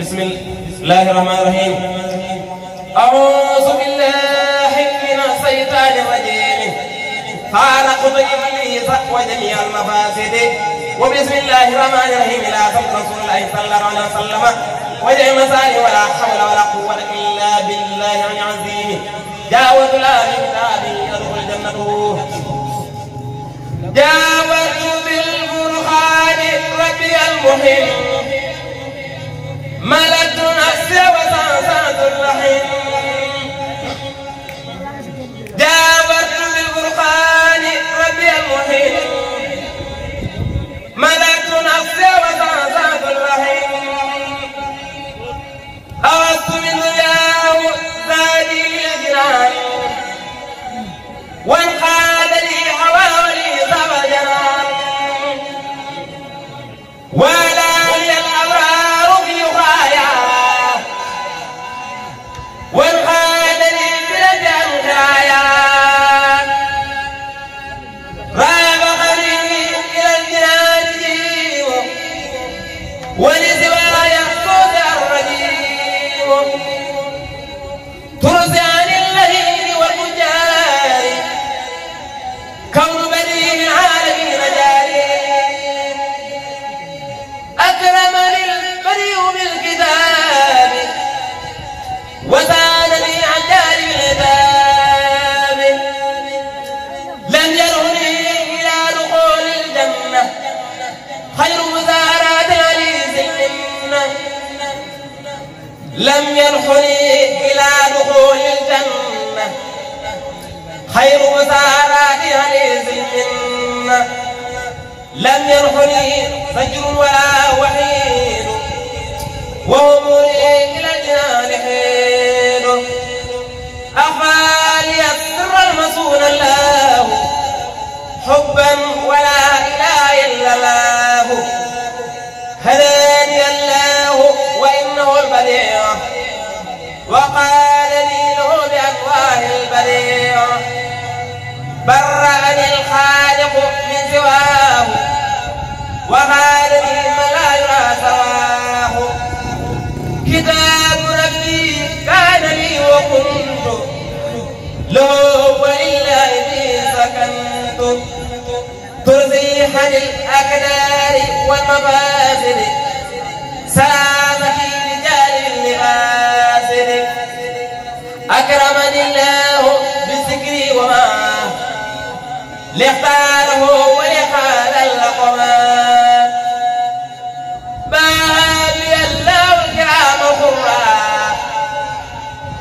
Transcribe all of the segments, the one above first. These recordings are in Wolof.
بسم الله الرحمن الرحيم أعوذ بالله من الشيطان الرجيم خالق إبليس وجميع المفاسد وبسم الله الرحمن الرحيم لا صدق رسول الله صلى الله عليه وسلم وجعل مسائل ولا حول ولا قوة إلا بالله العظيم جاوز لا من يدخل الجنة جاوز بالبرهان ربي المهم ملك أسيا وسعساد الرحيم لم يدخلي إلى دخول الجنة خير مساراتها لزل منا لم يدخلي فجر ولا وحيد وهم إلى الجنان حيد أخفى لي السر المسؤول الله حبا وقال لي له بأفواه البريع برأني الخالق من سواه أكرمني الله بالذكر وما لقاره ولقال اللقمان ما هذه الله الكرام خرا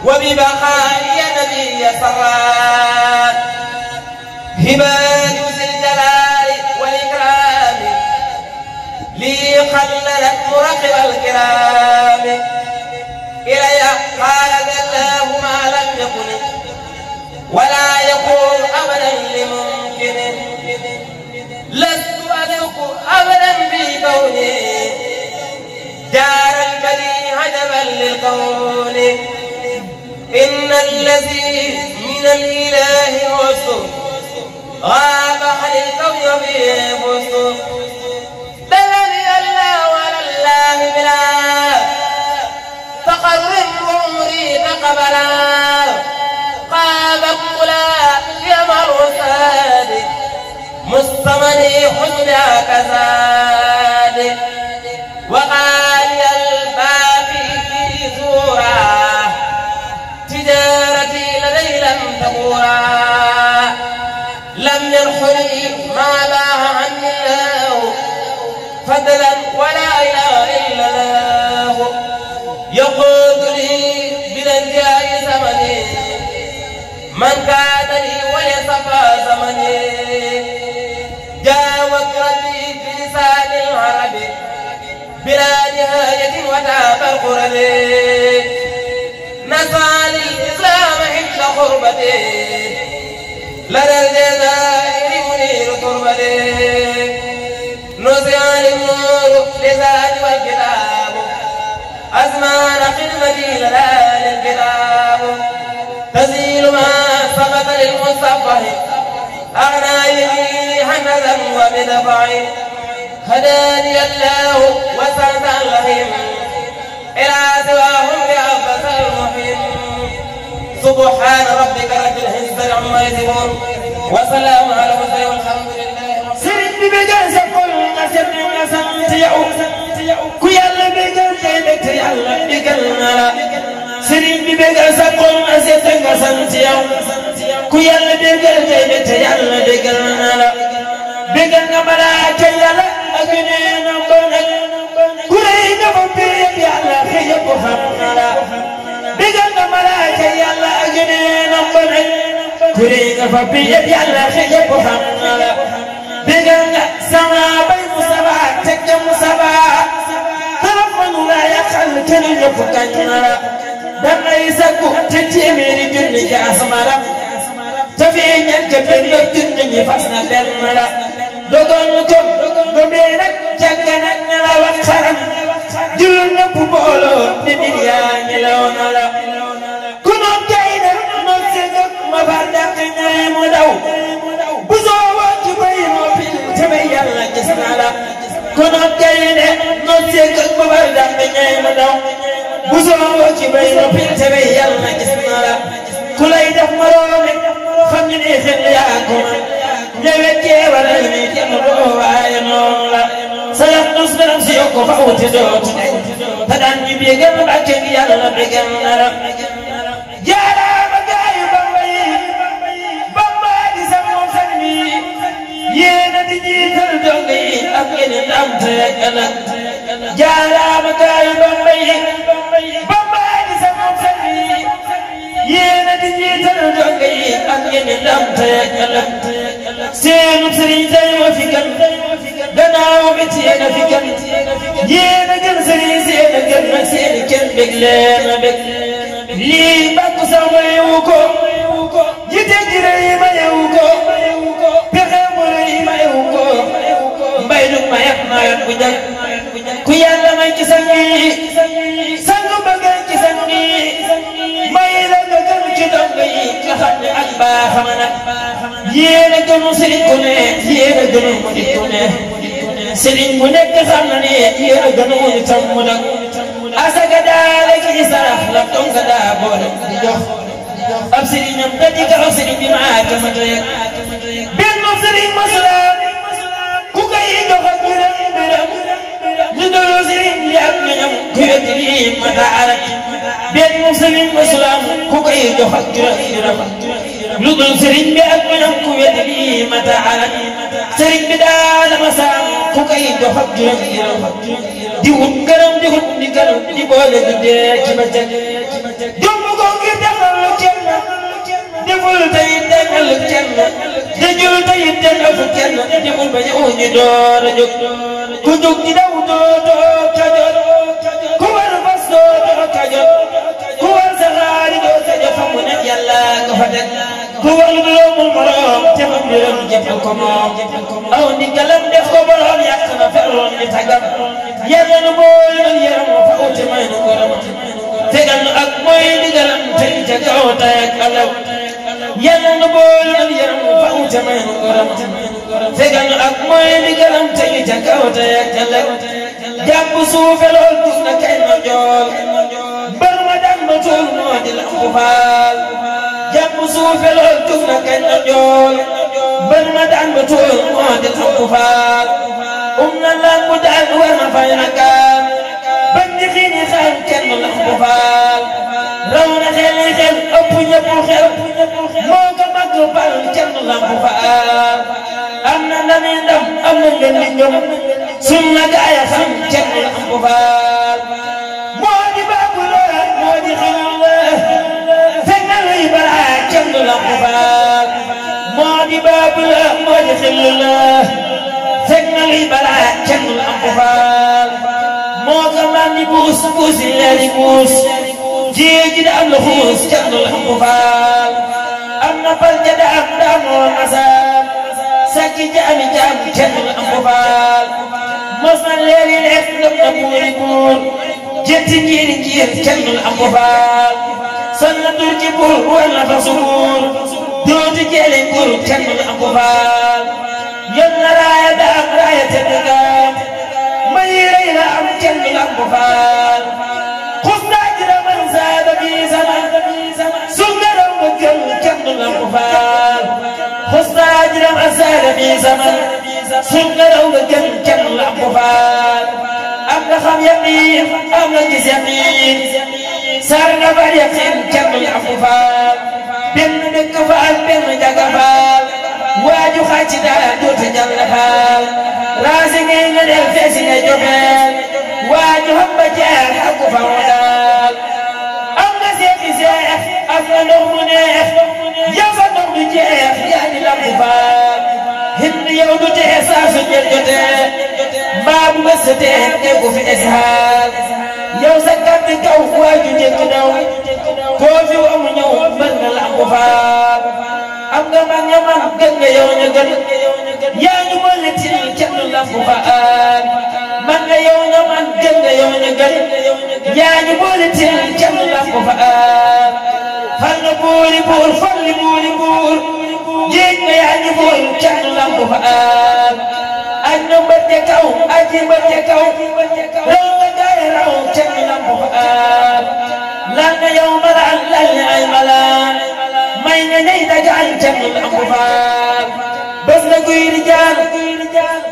وببقائي نبي سرا هبات قوله إن الذي من الإله رسل غاب عن القوم بيبسل الذي ألا على الله بلا فقرب عمري فقبلا قاب قلا يا مرسال مصطمني حزن كذا من كان لي ولصفى زمني جاوت في لسان العرب بلا نهاية وتاب القرن نسعى للإسلام حفظ قربتي لدى الجزائر منير تربتي نسعى النور لزاد والكتاب أزمان خدمتي لنا للكتاب صمد المصفح عن يميني حمدا وبدفعي هداني الله وسعة الرحيم إلى سواهم لعبس المحيم سبحان ربك رب العزة عما يصفون وسلام على المرسلين والحمد لله سرد بجهز كل سر وسنت يعود كي يلا بجهز يلا بجهز سرد بجهز كل سر وسنت يعود ku yàlla déggal ngay ne te yàlla déggal na la déggal nga malaaka yàlla ak neenam ba nag ku rëy nga fa béyat yàlla te yëpp xam na la déggal nga malaaka yàlla ak neenam ba nag ku rëy nga fa béyat yàlla te yëpp xam na la déggal nga sama bay mu saba teg ca mu saba taraf ma nu laa yàqal te nu ñëpp kañ na la damay sakku te téeméeri junni jaas ma la te fii ñeent benn junni ñi fas na benn la dogoon kon bu dee nag jàng nag na la wax xaram juróom na bu booloo ni nit yaa ñi la ku noon kay nag noon si nag ma far dàq ñaay mu daw bu soo woo na la ku noon kay nag noon si nag ma far dàq ñaay mu daw bu soo woo ci bay moo fi te bay yàlla gis na la ministre yaa ko man ñëwee ceebal yi nii kenn doo waaye noonu la sa yàq dus bi nag si yokku fa wuti dootu ne te daan ñu bégal Mbàkke gi yàlla bégal na la ngeen di am tey ak ëllëg seenu sëriñ tey wa fi kan gannaaw bi ci yéen a fi kan yéen a gën sëriñ seen a gën nag seen i kenn bég leen a bég lii bàkku sax mayewu ko jite ji rëy mayewu ko pexe mu rëy mayewu ko mbay lu mayat mayoon bu njëkk ku yàlla may ci sang yi sang bëgg ci sang yi may la nga gën ci dong yi nga xam ne baaxama nag yéen a gënu sëriñ bu ne yéen a gënu murit bu ne sëriñ bu nekk xam na ne yéen a gënu itam mu nag asaka daal ak i sarax la tonka daa boole di jox ab sëriñam da di kaw sëriñ bi maa kama doyeg benn sëriñ masula ku koy jox ak mbiram mbiram ñu doyoo sëriñ bi ak ñoñam ku wet lii mata arak benn sëriñ masula ku koy jox ak juróom juróom lu dul sëriñ bi ak manam ku wet lii mata alal sëriñ bi daal ma saam ku koy dox ak juróom juróom di wut gërëm di wut di gërëm di boole di dee ci bëccëg jom ko ngir defal lu kenn deful tey defal lu kenn dajul tey defal lu kenn deful ba ñëw ñu door a jóg ku jóg di daw dootoo jëfal ko moom aw ndigalam def ko borom yàq na feroon ni tàggat yàlla nu boole yaram nu goram tegal nu nu boole nu yaram nu goram tegal nu ak mooy ndigalam tey ca kaw tey ak alaw lool gis na kay ma jool bar ma daan ma tuul moo di lampu faal jàpp lool gis na kay ma jool بل مدعن بتوع مواد الحقفات أمنا لا مدعن ورما في عكا بل نخين يخان كلمة الحقفات لو نخيل يخيل أبو يبو خير موقع مقربا كلمة الحقفات أمنا لمن دم أمنا لمن يوم سنة جاية خان كلمة الحقفات مواد بابلو مواد خيل فنالي بلا كلمة الحقفات باب الأمواج خل الله سجن البلاء جن الأنفال موضع من بوس بوس الذي بوس جيج دام لخوس جن الأنفال أما فالجد أم دام والمسال سكي جامي جام جن الأنفال مصنع الليل العقل نبور يكون جت جير جير جن الأنفال سنة تركبه ولا تصور موت جلي بركن الأقبال يلا راية دعم راية الدقام ما يرينا أمكن الأقبال خذنا أجر من زاد في زمن سنر وكل كن الأقبال خذنا أجر من زاد في زمن سنر وكل كن الأقبال أم خم يقين أم نجز يقين سرنا باليقين كن الأقبال benn dëkk fa ak benn jaga waaju xàcc dara dootu jàll faal raasi ngay nga feesi nga joxeel waaju hamba jeex xàqu fa mu daal am nga seeti seex am nga mu neex yow sa ndox jeex yaa di lamb faal hind yow du tee saa su njël jotee mbaa bu bës fi eshaal yow sa kàtt kaw waaju njëkk daw ñu gën yaa ñu boole ci kenn lamb fa aan man nga yow nga man gën nga yow ñu gën yaa ñu boole ci kenn lamb fa aan fal nga buuri buur fal li buuri buur géej nga yaa ñu buur kenn lamb fa aan añ na mbëtte kaw aji mbëtte kaw raw nga gaay raw kenn lamb fa aan عيني دجال جمل أقفال بس نقوي رجال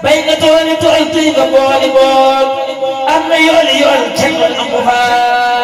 بين طول طول طيب بول بول أما يول يول جمل أقفال